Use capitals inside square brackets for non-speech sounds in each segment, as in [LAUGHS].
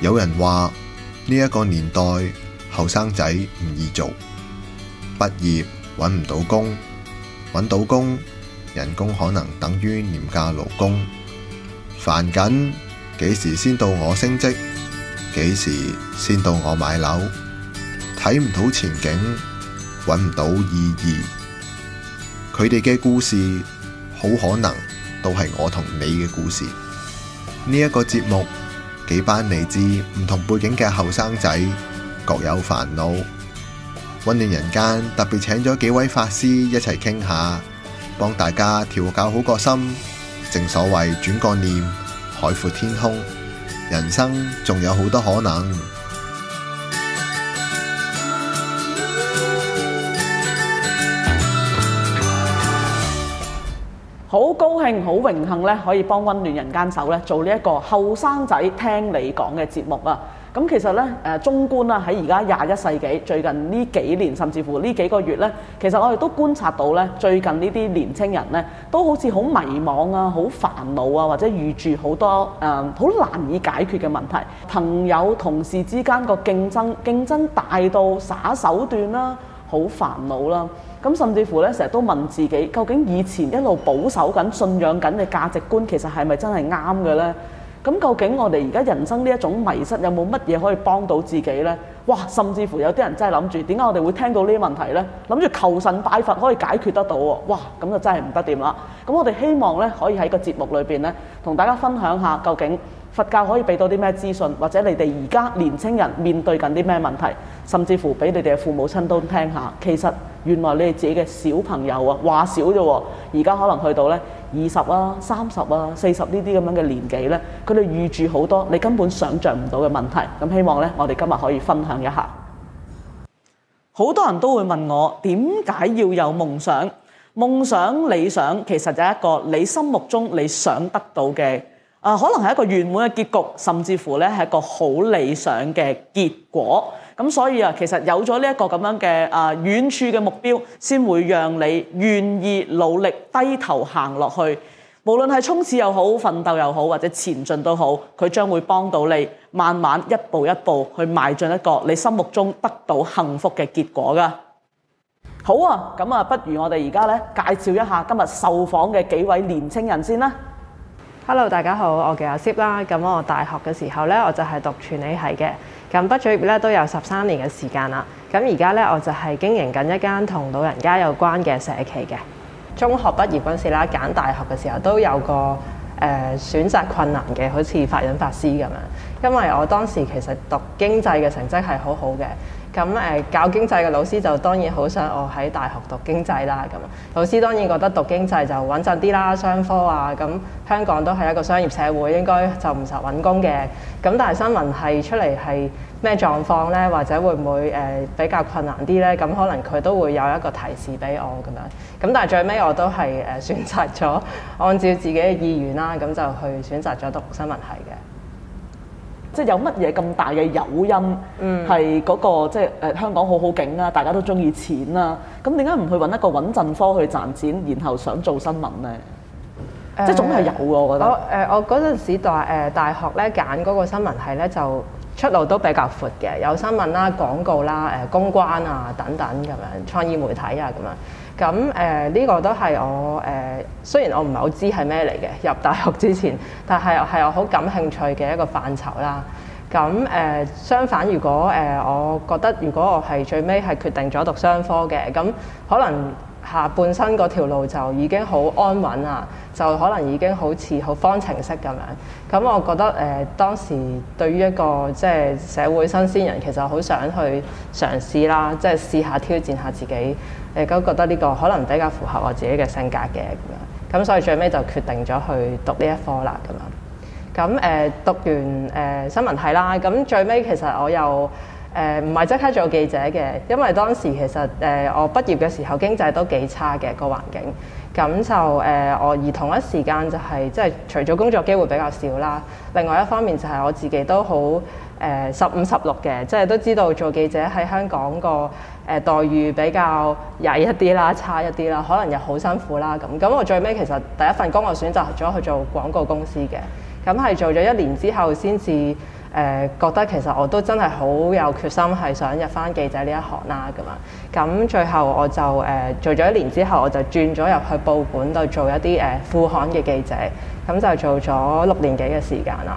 有人話呢一個年代後生仔唔易做，畢業揾唔到工，揾到工人工可能等於廉價勞工，煩緊幾時先到我升職，幾時先到我買樓，睇唔到前景，揾唔到意義。佢哋嘅故事好可能都係我同你嘅故事。呢一個節目。幾班嚟自唔同背景嘅後生仔各有煩惱，溫暖人間特別請咗幾位法師一齊傾下，幫大家調教好個心。正所謂轉個念，海闊天空，人生仲有好多可能。好榮幸咧，可以幫溫暖人間手咧、這個，做呢一個後生仔聽你講嘅節目啊！咁其實咧，誒中觀啦，喺而家廿一世紀，最近呢幾年，甚至乎呢幾個月咧，其實我哋都觀察到咧，最近呢啲年青人咧，都好似好迷茫啊，好煩惱啊，或者遇住好多誒好、呃、難以解決嘅問題，朋友同事之間個競爭競爭大到耍手段啦、啊。好煩惱啦！咁甚至乎咧，成日都問自己，究竟以前一路保守緊、信仰緊嘅價值觀，其實係咪真係啱嘅呢？咁究竟我哋而家人生呢一種迷失，有冇乜嘢可以幫到自己呢？哇！甚至乎有啲人真係諗住點解我哋會聽到呢啲問題呢？諗住求神拜佛可以解決得到喎？哇！咁就真係唔得掂啦！咁我哋希望呢，可以喺個節目裏邊呢，同大家分享下究竟。佛教可以俾到啲咩資訊，或者你哋而家年青人面對緊啲咩問題，甚至乎俾你哋嘅父母親都聽下。其實原來你哋自己嘅小朋友啊，話少啫喎。而家可能去到咧二十啊、三十啊、四十呢啲咁樣嘅年紀咧，佢哋預住好多你根本想像唔到嘅問題。咁希望咧，我哋今日可以分享一下。好多人都會問我點解要有夢想？夢想、理想其實就係一個你心目中你想得到嘅。啊，可能係一個圓滿嘅結局，甚至乎呢係一個好理想嘅結果。咁所以啊，其實有咗呢一個咁樣嘅啊遠處嘅目標，先會讓你願意努力低頭行落去。無論係衝刺又好，奮鬥又好，或者前進都好，佢將會幫到你慢慢一步一步去邁進一個你心目中得到幸福嘅結果㗎。好啊，咁啊，不如我哋而家呢介紹一下今日受訪嘅幾位年青人先啦。Hello，大家好，我叫阿 s i 啦、啊。咁我大學嘅時候呢，我就係讀傳理系嘅。咁畢咗業呢，都有十三年嘅時間啦。咁而家呢，我就係經營緊一間同老人家有關嘅社企嘅。中學畢業嗰時啦，揀大學嘅時候都有個誒、呃、選擇困難嘅，好似法忍法師咁樣。因為我當時其實讀經濟嘅成績係好好嘅。咁誒、嗯、教經濟嘅老師就當然好想我喺大學讀經濟啦，咁、嗯、老師當然覺得讀經濟就穩陣啲啦，商科啊，咁、嗯、香港都係一個商業社會，應該就唔愁揾工嘅。咁、嗯、但係新聞系出嚟係咩狀況呢？或者會唔會誒、呃、比較困難啲呢？咁、嗯、可能佢都會有一個提示俾我咁樣。咁、嗯、但係最尾我都係誒選擇咗按照自己嘅意願啦，咁、嗯、就去選擇咗讀新聞系嘅。即係有乜嘢咁大嘅誘因？係嗰、嗯嗰個即係誒香港好好景啦，大家都中意錢啦。咁點解唔去揾一個穩陣科去賺錢，然後想做新聞呢？即係總係有嘅、呃覺呃，我覺得。我誒我嗰陣時大大學咧揀嗰個新聞系咧，就出路都比較闊嘅，有新聞啦、啊、廣告啦、啊、誒、呃、公關啊等等咁樣，創意媒體啊咁樣。咁誒呢個都係我誒、呃，雖然我唔係好知係咩嚟嘅，入大學之前，但係係我好感興趣嘅一個範疇啦。咁誒、呃、相反，如果誒、呃、我覺得如果我係最尾係決定咗讀商科嘅，咁可能。下半、啊、身嗰條路就已經好安穩啦，就可能已經好似好方程式咁樣。咁、嗯、我覺得誒、呃、當時對於一個即係社會新鮮人，其實好想去嘗試啦，即係試下挑戰下自己。誒、呃、咁覺得呢個可能比較符合我自己嘅性格嘅咁樣。咁、嗯、所以最尾就決定咗去讀呢一科啦咁樣。咁、嗯、誒讀完誒、呃、新聞系啦。咁、嗯、最尾其實我又。誒唔係即刻做記者嘅，因為當時其實誒、呃、我畢業嘅時候經濟都幾差嘅、這個環境，咁就誒我、呃、而同一時間就係、是、即係除咗工作機會比較少啦，另外一方面就係我自己都好誒十五十六嘅，即係都知道做記者喺香港個誒、呃、待遇比較曳一啲啦，差一啲啦，可能又好辛苦啦咁。咁我最尾其實第一份工我選擇咗去做廣告公司嘅，咁係做咗一年之後先至。誒、呃、覺得其實我都真係好有決心，係想入翻記者呢一行啦咁啊！咁最後我就誒、呃、做咗一年之後，我就轉咗入去報館度做一啲誒、呃、副刊嘅記者，咁就做咗六年幾嘅時間啦。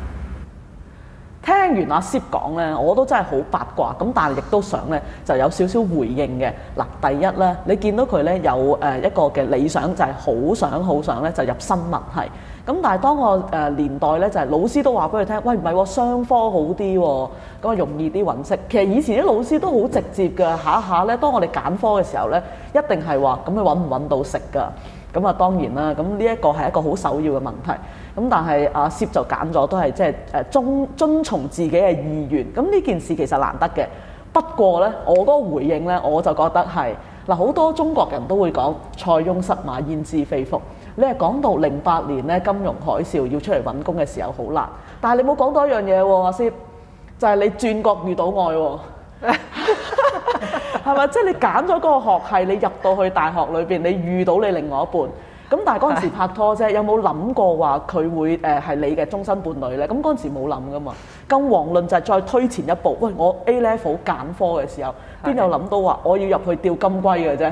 聽完阿 Sir 講咧，我都真係好八卦咁，但係亦都想咧就有少少回應嘅。嗱，第一咧，你見到佢咧有誒一個嘅理想，就係、是、好想好想咧就入新聞系。咁但係當我誒年代咧，就係老師都話俾佢聽，喂唔係喎，商科好啲喎，咁啊容易啲揾食。其實以前啲老師都好直接嘅，下下咧，當我哋揀科嘅時候咧，一定係話咁你揾唔揾到食噶。咁啊當然啦，咁呢一個係一個好首要嘅問題。咁但係阿 Sir 就揀咗，都係即係誒遵遵從自己嘅意願。咁呢件事其實難得嘅。不過咧，我個回應咧，我就覺得係嗱好多中國人都會講塞翁失馬，焉知非福。你講到零八年咧金融海嘯要出嚟揾工嘅時候好難，但係你冇講多一樣嘢喎，阿師就係你轉角遇到愛喎、啊，係 [LAUGHS] 咪？ [LAUGHS] [LAUGHS] 即係你揀咗嗰個學系，你入到去大學裏邊，你遇到你另外一半。咁但係嗰陣時拍拖啫，有冇諗過話佢會誒係、呃、你嘅終身伴侶呢？咁嗰陣時冇諗噶嘛。更遑論就係再推前一步。喂，我 A level 揀科嘅時候邊有諗到話我要入去釣金龜嘅啫？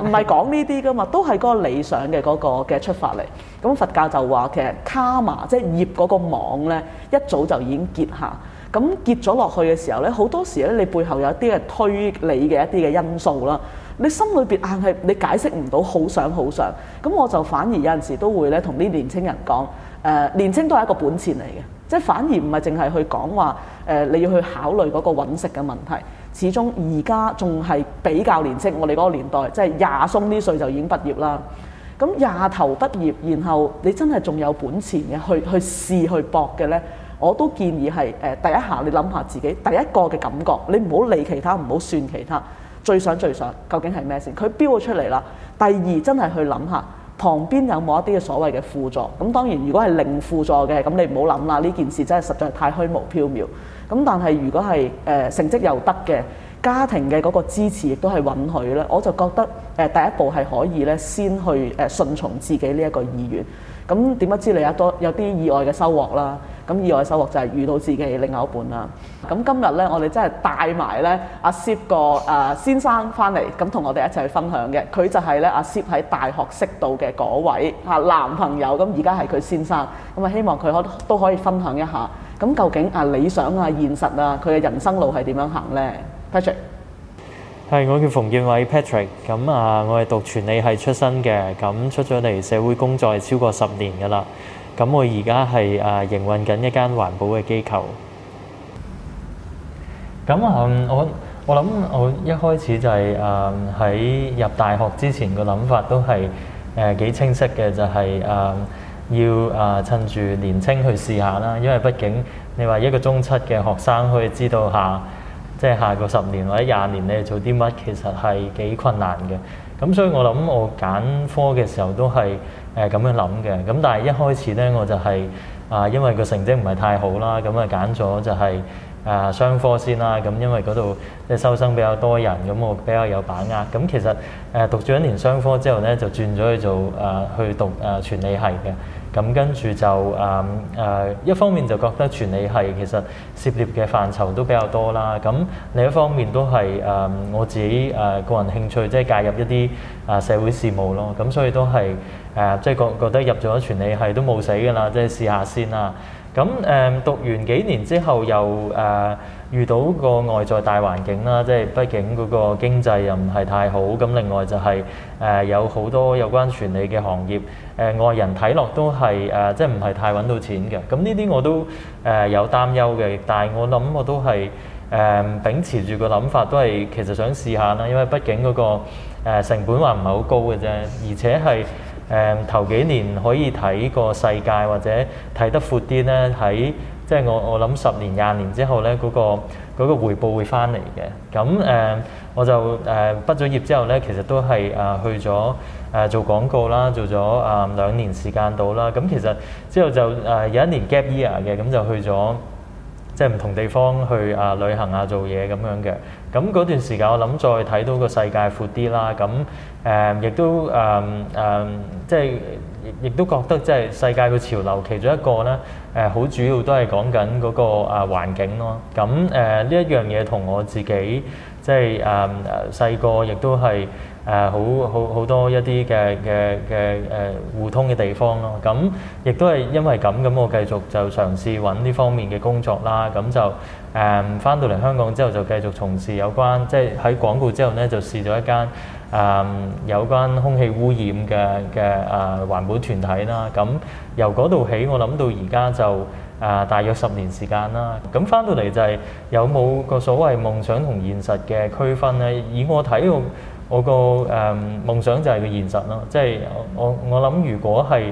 唔係講呢啲噶嘛，都係嗰個理想嘅嗰個嘅出發嚟。咁、嗯、佛教就話其實 Karma 即係業嗰個網咧，一早就已經結下。咁、嗯、結咗落去嘅時候呢，好多時呢，你背後有一啲係推你嘅一啲嘅因素啦。你心裏邊硬係你解釋唔到，好想好想。咁我就反而有陣時都會咧同啲年青人講，誒，年青都係一個本錢嚟嘅，即係反而唔係淨係去講話誒你要去考慮嗰個揾食嘅問題。始終而家仲係比較年青，我哋嗰個年代即係廿鬆啲歲就已經畢業啦。咁廿頭畢業，然後你真係仲有本錢嘅去去試去搏嘅咧，我都建議係誒第一下你諗下自己第一個嘅感覺，你唔好理其他，唔好算其他。最想最想，究竟係咩先？佢標咗出嚟啦。第二真係去諗下，旁邊有冇一啲嘅所謂嘅輔助？咁當然，如果係零輔助嘅，咁你唔好諗啦。呢件事真係實在係太虛無縹緲。咁但係如果係誒、呃、成績又得嘅，家庭嘅嗰個支持亦都係允許咧，我就覺得誒、呃、第一步係可以咧，先去誒順從自己呢一個意願。咁點不知你有多有啲意外嘅收穫啦。咁意外收穫就係遇到自己另外一半啦。咁今日咧，我哋真係帶埋咧阿 Sir 個誒先生翻嚟，咁同我哋一齊去分享嘅。佢就係咧阿 Sir 喺大學識到嘅嗰位嚇男朋友，咁而家係佢先生。咁啊，希望佢可都可以分享一下。咁究竟啊理想啊現實啊，佢嘅人生路係點樣行咧？Patrick，係我叫馮建偉 Patrick。咁啊，我係讀傳理系出身嘅，咁出咗嚟社會工作係超過十年㗎啦。咁我而家係誒營運緊一間環保嘅機構。咁啊、嗯，我我諗我一開始就係誒喺入大學之前個諗法都係誒幾清晰嘅，就係、是、誒、嗯、要誒、啊、趁住年青去試下啦。因為畢竟你話一個中七嘅學生可以知道下，即、就、係、是、下個十年或者廿年你做啲乜，其實係幾困難嘅。咁、嗯、所以我諗我揀科嘅時候都係。誒咁、呃、樣諗嘅，咁但係一開始呢，我就係、是、啊、呃，因為個成績唔係太好啦，咁啊揀咗就係啊商科先啦，咁、嗯、因為嗰度即係收生比較多人，咁、嗯、我比較有把握。咁、嗯、其實誒、呃、讀咗一年商科之後呢，就轉咗去做啊、呃、去讀啊傳、呃、理系嘅。咁跟住就誒誒、嗯呃，一方面就覺得傳理系其實涉獵嘅範疇都比較多啦。咁另一方面都係誒、呃、我自己誒、呃、個人興趣，即、就、係、是、介入一啲誒、呃、社會事務咯。咁所以都係誒，即係覺覺得入咗傳理系都冇死㗎啦，即係試下先啦。咁誒、呃、讀完幾年之後又誒。呃遇到個外在大環境啦，即係畢竟嗰個經濟又唔係太好，咁另外就係、是、誒、呃、有好多有關傳理嘅行業，誒、呃、外人睇落都係誒、呃、即係唔係太揾到錢嘅，咁呢啲我都誒、呃、有擔憂嘅。但係我諗我都係誒、呃、秉持住個諗法，都係其實想試下啦，因為畢竟嗰、那個、呃、成本還唔係好高嘅啫，而且係誒、呃、頭幾年可以睇個世界或者睇得闊啲呢。喺。即係我我諗十年廿年之後咧，嗰、嗰個嗰個回報會翻嚟嘅。咁誒、呃，我就誒、呃、畢咗業之後咧，其實都係誒、呃、去咗誒、呃、做廣告啦，做咗啊、呃、兩年時間到啦。咁其實之後就誒有、呃、一年 gap year 嘅，咁就去咗即係唔同地方去啊、呃、旅行啊做嘢咁樣嘅。咁嗰段時間我諗再睇到個世界闊啲啦。咁誒亦都誒誒、呃呃、即係。亦亦都覺得即係世界嘅潮流，其中一個呢，誒、呃，好主要都係講緊嗰個啊環境咯。咁誒呢一樣嘢同我自己即係誒細個，亦都係誒好好好多一啲嘅嘅嘅誒互通嘅地方咯。咁亦都係因為咁，咁我繼續就嘗試揾呢方面嘅工作啦。咁就誒返到嚟香港之後，就繼續從事有關即係喺廣告之後呢，就試咗一間。嗯，有關空氣污染嘅環保團體啦，咁由嗰度起，我諗到而家就誒大約十年時間啦。咁返到嚟就係有冇個所謂夢想同現實嘅區分呢？以我睇，我我個誒夢想就係個現實咯，即係我我諗，如果係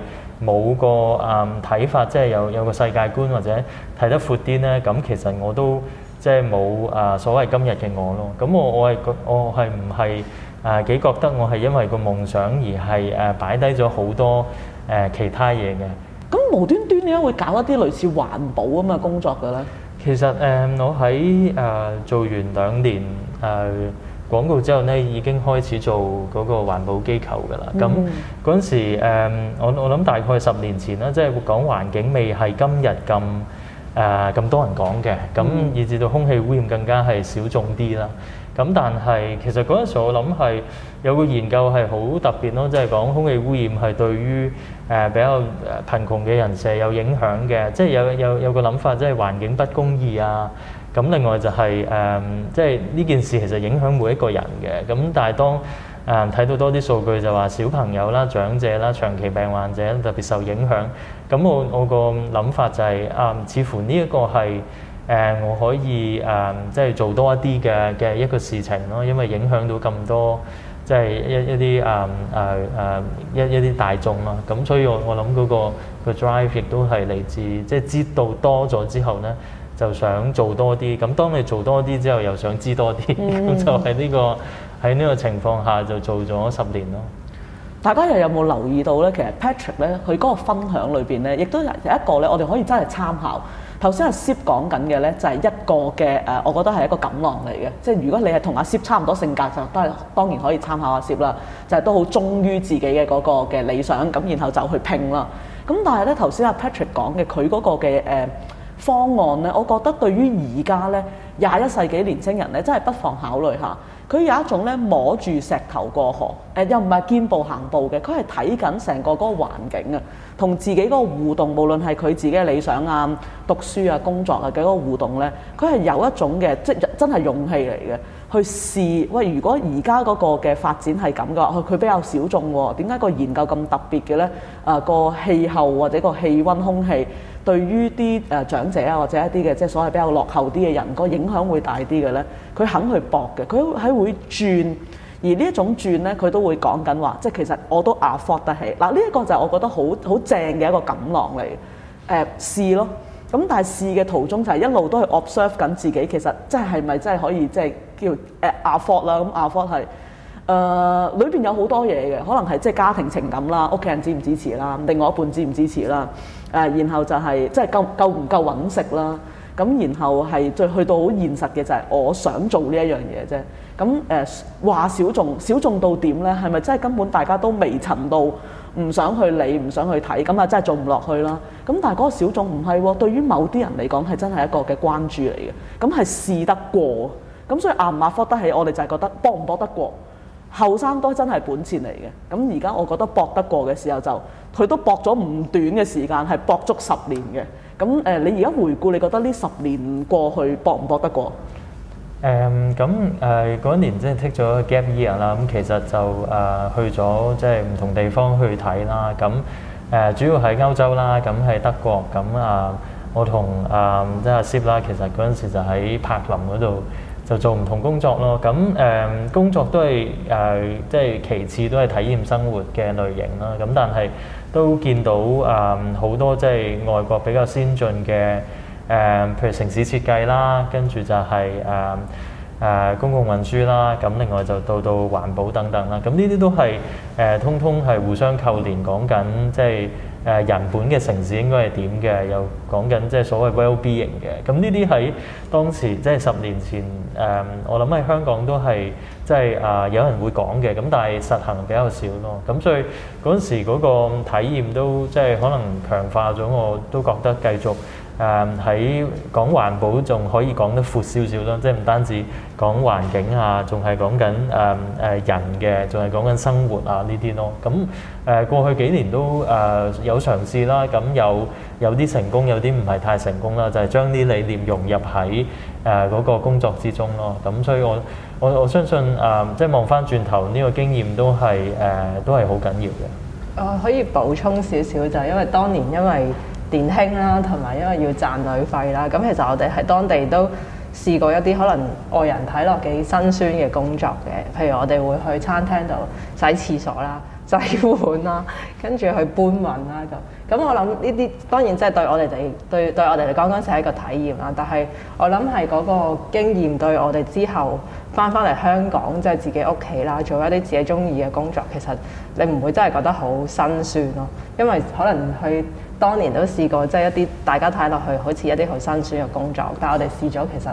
冇個誒睇法，即係有有個世界觀或者睇得闊啲呢，咁其實我都即係冇誒所謂今日嘅我咯。咁我我係唔係？啊，幾覺得我係因為個夢想而係誒擺低咗好多誒其他嘢嘅。咁無端端點解會搞一啲類似環保啊嘛工作嘅咧？其實誒，我喺誒做完兩年誒廣告之後咧，已經開始做嗰個環保機構㗎啦。咁嗰陣時誒，我我諗大概十年前啦，即係講環境未係今日咁誒咁多人講嘅。咁以至到空氣污染更加係小眾啲啦。咁但係其實嗰陣時我諗係有個研究係好特別咯，就是呃，即係講空氣污染係對於誒比較貧窮嘅人士有影響嘅，即係有有有個諗法，即係環境不公義啊。咁另外就係、是、誒、呃，即係呢件事其實影響每一個人嘅。咁但係當誒睇、呃、到多啲數據就話小朋友啦、長者啦、長期病患者特別受影響。咁我我個諗法就係、是、誒、呃，似乎呢一個係。誒、嗯，我可以誒、嗯，即係做多一啲嘅嘅一個事情咯，因為影響到咁多，即係一、嗯呃呃、一啲誒誒誒一一啲大眾嘛。咁所以我我諗嗰個、個 drive 亦都係嚟自，即係知道多咗之後咧，就想做多啲。咁當你做多啲之後，又想知多啲，咁、嗯、就係呢、呢個喺呢個情況下就做咗十年咯。大家又有冇留意到咧？其實 Patrick 咧，佢嗰個分享裏邊咧，亦都有一個咧，我哋可以真係參考。頭先阿 Sip 講緊嘅呢，就係、是、一個嘅誒，我覺得係一個錦囊嚟嘅，即係如果你係同阿 Sip 差唔多性格，就都係當然可以參考阿 Sip 啦。就係、是、都好忠於自己嘅嗰個嘅理想，咁然後就去拼啦。咁但係呢，頭先阿 Patrick 講嘅佢嗰個嘅誒、呃、方案呢，我覺得對於而家呢廿一世紀年青人呢，真係不妨考慮下。佢有一種咧摸住石頭過河，誒又唔係見步行步嘅，佢係睇緊成個嗰個環境啊，同自己嗰個互動，無論係佢自己嘅理想啊、讀書啊、工作啊嘅嗰個互動咧，佢係有一種嘅，即係真係勇氣嚟嘅，去試喂。如果而家嗰個嘅發展係咁嘅話，佢比較小眾喎、哦，點解個研究咁特別嘅咧？啊，個氣候或者個氣温、空氣。對於啲誒長者啊，或者一啲嘅即係所謂比較落後啲嘅人，個影響會大啲嘅咧，佢肯去搏嘅，佢喺會轉，而呢一種轉咧，佢都會講緊話，即係其實我都 afford 得起嗱。呢一個就係我覺得好好正嘅一個錦囊嚟，誒試咯。咁但係試嘅途中就係一路都係 observe 緊自己，其實即係係咪真係可以即係叫誒 afford 啦？咁 afford 係誒裏邊有好多嘢嘅，可能係即係家庭情感啦，屋企人支唔支持啦，另外一半支唔支持啦。誒，然後就係即係夠夠唔夠揾食啦。咁然後係再去到好現實嘅就係我想做呢一樣嘢啫。咁誒話小眾小眾到點咧？係咪真係根本大家都未曾到，唔想去理，唔想去睇，咁啊真係做唔落去啦。咁但係嗰個小眾唔係喎，對於某啲人嚟講係真係一個嘅關注嚟嘅，咁係試得過。咁所以阿馬福德係我哋就係覺得搏唔搏得過？後生都真係本錢嚟嘅，咁而家我覺得搏得過嘅時候就佢都搏咗唔短嘅時間，係搏足十年嘅。咁、嗯、誒，你而家回顧，你覺得呢十年過去搏唔搏得過？誒、嗯，咁誒嗰年即係 take 咗 gap year 啦。咁、嗯、其實就誒、呃、去咗即係唔同地方去睇啦。咁誒、嗯呃、主要喺歐洲啦，咁喺、嗯、德國。咁、嗯嗯、啊，我同啊即係 Shiv 啦，其實嗰陣時就喺柏林嗰度。就做唔同工作咯，咁誒、呃、工作都係，誒、呃、即係其次，都係體驗生活嘅類型啦。咁但係都見到誒好、呃、多即係外國比較先進嘅誒，譬如城市設計啦，跟住就係誒誒公共運輸啦，咁另外就到到環保等等啦。咁呢啲都係誒、呃、通通係互相扣連講緊，即係。誒、呃，人本嘅城市應該係點嘅？又講緊即係所謂 well being 嘅。咁呢啲喺當時，即、就、係、是、十年前，誒、呃，我諗喺香港都係。即係啊，有人會講嘅，咁但係實行比較少咯。咁所以嗰陣時嗰個體驗都即係可能強化咗，我都覺得繼續誒喺講環保仲可以講得闊少少咯，即係唔單止講環境啊，仲係講緊誒誒人嘅，仲係講緊生活啊呢啲咯。咁誒過去幾年都誒有嘗試啦，咁有有啲成功，有啲唔係太成功啦，就係將啲理念融入喺誒嗰個工作之中咯。咁所以我。我我相信啊、呃，即係望翻轉頭呢、這個經驗都係誒、呃，都係好緊要嘅。我、呃、可以補充少少，就係、因為當年因為年輕啦，同埋因為要賺旅費啦，咁其實我哋喺當地都。試過一啲可能外人睇落幾辛酸嘅工作嘅，譬如我哋會去餐廳度洗廁所啦、洗碗啦，跟住去搬運啦咁。咁我諗呢啲當然即係對我哋嚟對對，對我哋嚟講，嗰時係一個體驗啦。但係我諗係嗰個經驗對我哋之後返返嚟香港即係、就是、自己屋企啦，做一啲自己中意嘅工作，其實你唔會真係覺得好辛酸咯，因為可能去。當年都試過，即係一啲大家睇落去好似一啲好辛酸嘅工作，但係我哋試咗，其實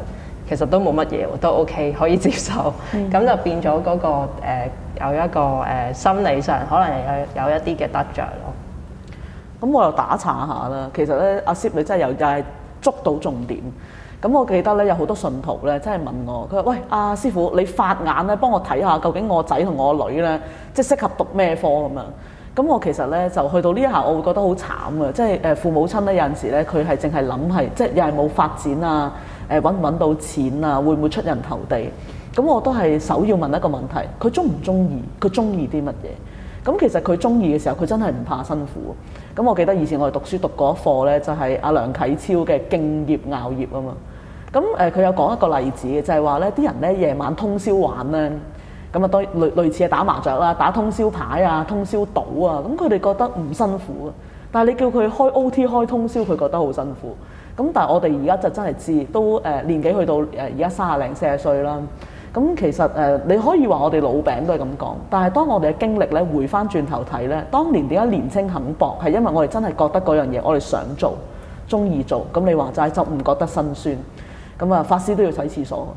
其實都冇乜嘢，都 OK 可以接受。咁、嗯、就變咗嗰、那個、呃、有一個誒、呃、心理上可能有有一啲嘅得着咯。咁、嗯、我又打岔下啦。其實咧，阿、啊、師你真係又又係捉到重點。咁我記得咧有好多信徒咧，真係問我，佢話：喂，阿、啊、師傅，你法眼咧幫我睇下，究竟我仔同我女咧即係適合讀咩科咁樣？咁我其實咧就去到呢一下，我會覺得好慘啊。即係誒父母親咧有陣時咧佢係淨係諗係即係又係冇發展啊，誒揾唔揾到錢啊，會唔會出人頭地？咁我都係首要問一個問題：佢中唔中意？佢中意啲乜嘢？咁其實佢中意嘅時候，佢真係唔怕辛苦。咁我記得以前我哋讀書讀過一課咧，就係、是、阿梁啟超嘅《敬業熬業》啊嘛。咁誒，佢有講一個例子嘅，就係話咧啲人咧夜晚通宵玩咧。咁啊，對類類似嘅打麻雀啦，打通宵牌啊，通宵賭啊，咁佢哋覺得唔辛苦啊。但係你叫佢開 O T 開通宵，佢覺得好辛苦。咁但係我哋而家就真係知，都誒年紀去到誒而家三十零四十歲啦。咁其實誒你可以話我哋老餅都係咁講。但係當我哋嘅經歷咧回翻轉頭睇咧，當年點解年青肯搏，係因為我哋真係覺得嗰樣嘢我哋想做，中意做。咁你話齋就唔覺得辛酸。咁啊，法師都要洗廁所，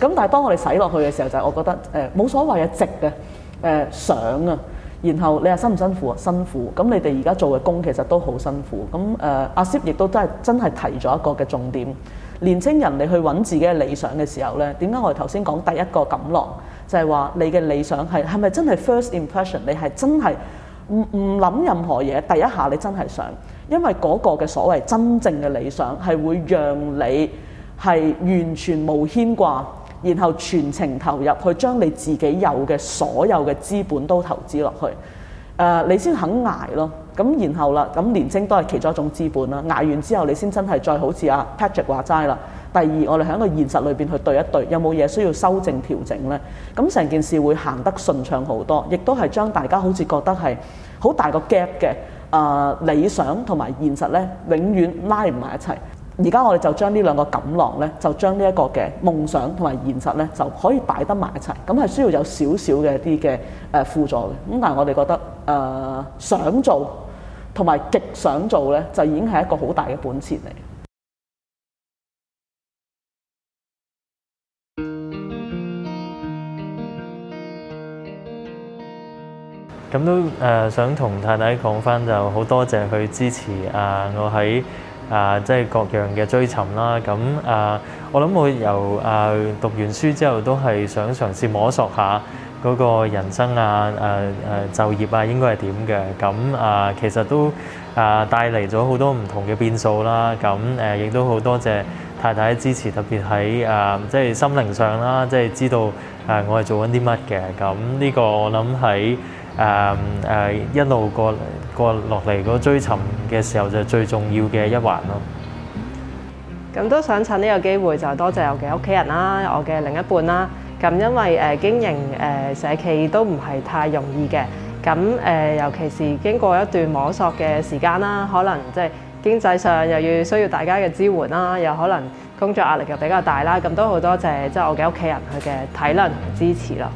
咁 [LAUGHS] 但係當我哋洗落去嘅時候，就係、是、我覺得誒冇、呃、所謂嘅直啊，誒、呃、想啊，然後你話辛唔辛苦啊？辛苦咁，你哋而家做嘅工其實都好辛苦。咁誒、呃，阿 Sir 亦都真係真係提咗一個嘅重點，年輕人你去揾自己嘅理想嘅時候呢，點解我哋頭先講第一個感覺就係、是、話你嘅理想係係咪真係 first impression？你係真係唔唔諗任何嘢，第一下你真係想，因為嗰個嘅所謂真正嘅理想係會讓你。係完全冇牽掛，然後全程投入去將你自己有嘅所有嘅資本都投資落去，誒、呃、你先肯捱咯。咁然後啦，咁年青都係其中一種資本啦。捱完之後，你先真係再好似阿 Patrick 話齋啦。第二，我哋喺個現實裏邊去對一對，有冇嘢需要修正調整呢？咁、嗯、成件事會行得順暢好多，亦都係將大家好似覺得係好大個 gap 嘅誒、呃、理想同埋現實呢，永遠拉唔埋一齊。而家我哋就將呢兩個錦囊呢，就將呢一個嘅夢想同埋現實呢，就可以擺得埋一齊。咁係需要有少少嘅啲嘅誒輔助嘅。咁但係我哋覺得誒、呃、想做同埋極想做呢，就已經係一個好大嘅本錢嚟。咁都誒、呃、想同太太講返，就好多謝佢支持啊！我喺啊，即係各樣嘅追尋啦，咁啊，我諗我由啊讀完書之後都係想嘗試摸索下嗰個人生啊，誒、啊、誒、啊、就業啊，應該係點嘅，咁啊，其實都啊帶嚟咗好多唔同嘅變數啦，咁誒亦都好多謝太太支持，特別喺啊即係心靈上啦，即係知道誒、啊、我係做緊啲乜嘅，咁、啊、呢、這個我諗喺，誒誒、um, uh, 一路過過落嚟嗰追尋嘅時候就最重要嘅一環咯。咁都想趁呢個機會就多謝我嘅屋企人啦，我嘅另一半啦。咁因為誒、呃、經營誒、呃、社企都唔係太容易嘅。咁誒、呃、尤其是經過一段摸索嘅時間啦，可能即係經濟上又要需要大家嘅支援啦，又可能工作壓力又比較大啦。咁都好多謝即係我嘅屋企人佢嘅體諒同支持咯。